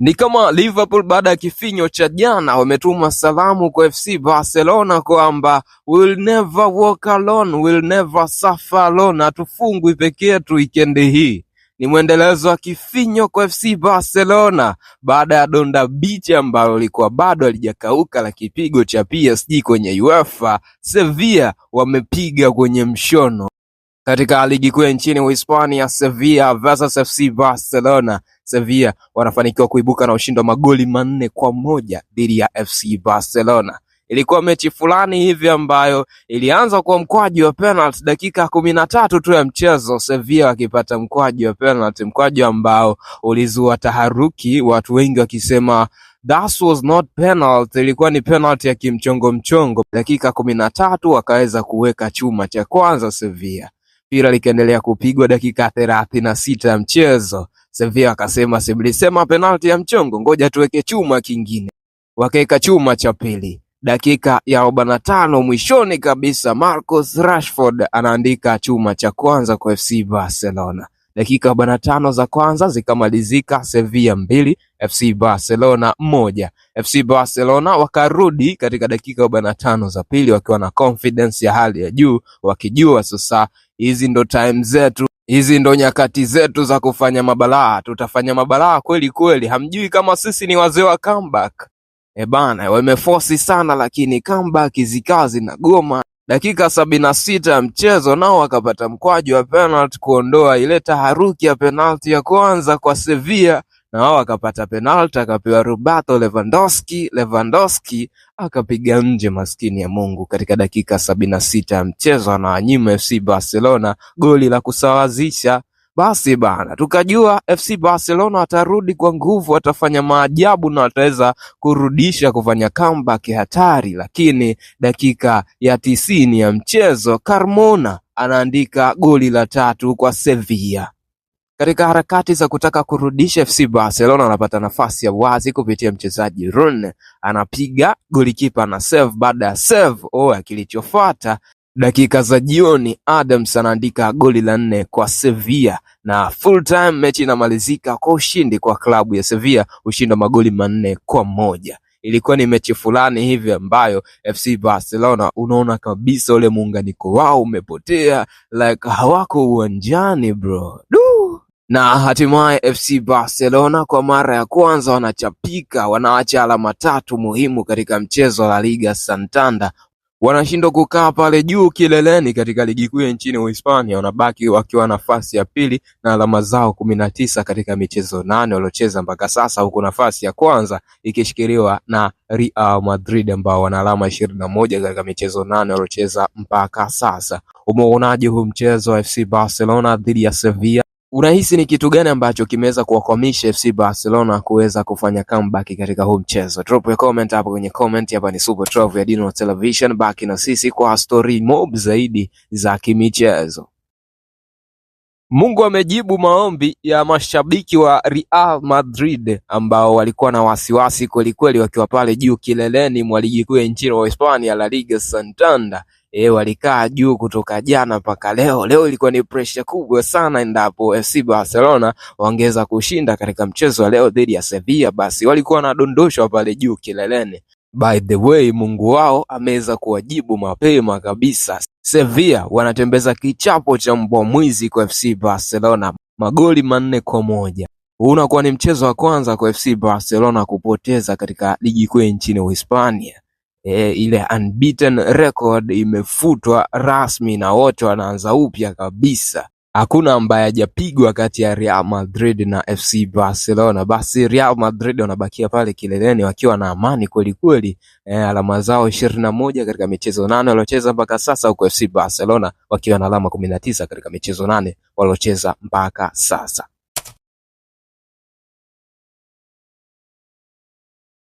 ni kama liverpool baada ya kifinyo cha jana wametuma salamu kwa fc barcelona kwamba we'll never walk alone, we'll never suffer alone hatufungwi peke yetu wikendi hii ni mwendelezo wa kifinyo kwa FC Barcelona baada ya donda bichi ambalo lilikuwa bado halijakauka la kipigo cha PSG kwenye UEFA. Sevilla wamepiga kwenye mshono katika ligi kuu ya nchini Uhispania, Sevilla versus FC Barcelona. Sevilla wanafanikiwa kuibuka na ushindi wa magoli manne kwa moja dhidi ya FC Barcelona. Ilikuwa mechi fulani hivi ambayo ilianza kwa mkwaji wa penalty dakika kumi na tatu tu ya mchezo, Sevilla wakipata mkwaji wa penalty, mkwaji ambao ulizua taharuki, watu wengi wakisema That was not penalty, ilikuwa ni penalty ya kimchongo mchongo. Dakika kumi na tatu wakaweza kuweka chuma cha kwanza Sevilla, pira likaendelea kupigwa dakika thelathini na sita ya mchezo Sevilla akasema sema penalti ya mchongo, ngoja tuweke chuma kingine. Wakaeka chuma cha pili dakika ya 45 tano mwishoni kabisa, Marcus Rashford anaandika chuma cha kwanza kwa FC Barcelona. Dakika 45 tano za kwanza zikamalizika, Sevilla mbili FC Barcelona moja. FC Barcelona wakarudi katika dakika 45 tano za pili wakiwa na confidence ya hali ya juu, wakijua sasa Hizi ndo time zetu, hizi ndo nyakati zetu za kufanya mabalaa. Tutafanya mabalaa kweli kweli, hamjui kama sisi ni wazee wa comeback. E bana, wamefosi sana, lakini comeback zikazi na goma. Dakika sabini na sita ya mchezo nao wakapata mkwaju wa penalty kuondoa ile taharuki ya penalty ya kwanza kwa Sevilla na wao akapata penalti, akapewa Roberto Lewandowski. Lewandowski akapiga nje, maskini ya Mungu, katika dakika sabini na sita ya mchezo, anawanyima FC Barcelona goli la kusawazisha. Basi bana, tukajua FC Barcelona watarudi kwa nguvu, watafanya maajabu na wataweza kurudisha kufanya comeback hatari. Lakini dakika ya tisini ya mchezo Carmona anaandika goli la tatu kwa Sevilla katika harakati za kutaka kurudisha FC Barcelona anapata nafasi ya wazi kupitia mchezaji Rune, anapiga golikipa na save baada ya save. oh, kilichofuata dakika za jioni, Adams anaandika goli la nne kwa Sevilla na full time, mechi inamalizika kwa ushindi kwa klabu ya Sevilla, ushindi wa magoli manne kwa moja. Ilikuwa ni mechi fulani hivi ambayo FC Barcelona unaona kabisa ule muunganiko wao umepotea, like hawako uwanjani bro du na hatimaye fc barcelona kwa mara ya kwanza wanachapika wanaacha alama tatu muhimu katika mchezo la liga santander wanashindwa kukaa pale juu kileleni katika ligi kuu ya nchini uhispania wanabaki wakiwa nafasi ya pili na alama zao kumi na tisa katika michezo nane waliocheza mpaka sasa huku nafasi ya kwanza ikishikiliwa na Real Madrid ambao wana alama ishirini na moja katika michezo nane waliocheza mpaka sasa Umeonaje huu mchezo wa fc barcelona dhidi ya sevilla Unahisi ni kitu gani ambacho kimeweza kuwakwamisha FC Barcelona kuweza kufanya comeback katika huu mchezo? Drop your comment hapa kwenye comment. Hapa ni Super 12 ya Dino Television, baki na sisi kwa story mob zaidi za kimichezo. Mungu amejibu maombi ya mashabiki wa Real Madrid ambao walikuwa na wasiwasi kwelikweli wakiwa pale juu kileleni mwa ligi kuu ya nchini wa Hispania La Liga Santander e, walikaa juu kutoka jana mpaka leo. Leo ilikuwa ni pressure kubwa sana, endapo FC Barcelona wangeweza kushinda katika mchezo wa leo dhidi ya Sevilla, basi walikuwa wanadondoshwa pale juu kileleni. By the way, Mungu wao ameweza kuwajibu mapema kabisa. Sevilla wanatembeza kichapo cha mbwa mwizi kwa FC Barcelona magoli manne kwa moja. Huu unakuwa ni mchezo wa kwanza kwa FC Barcelona kupoteza katika ligi kuu nchini Uhispania e, ile unbeaten record imefutwa rasmi na wote wanaanza upya kabisa. Hakuna ambaye hajapigwa kati ya Real Madrid na FC Barcelona. Basi Real Madrid wanabakia pale kileleni wakiwa na amani kweli e, alama zao ishirini na moja katika michezo nane waliocheza mpaka sasa, huku FC Barcelona wakiwa na alama kumi na tisa katika michezo nane waliocheza mpaka sasa.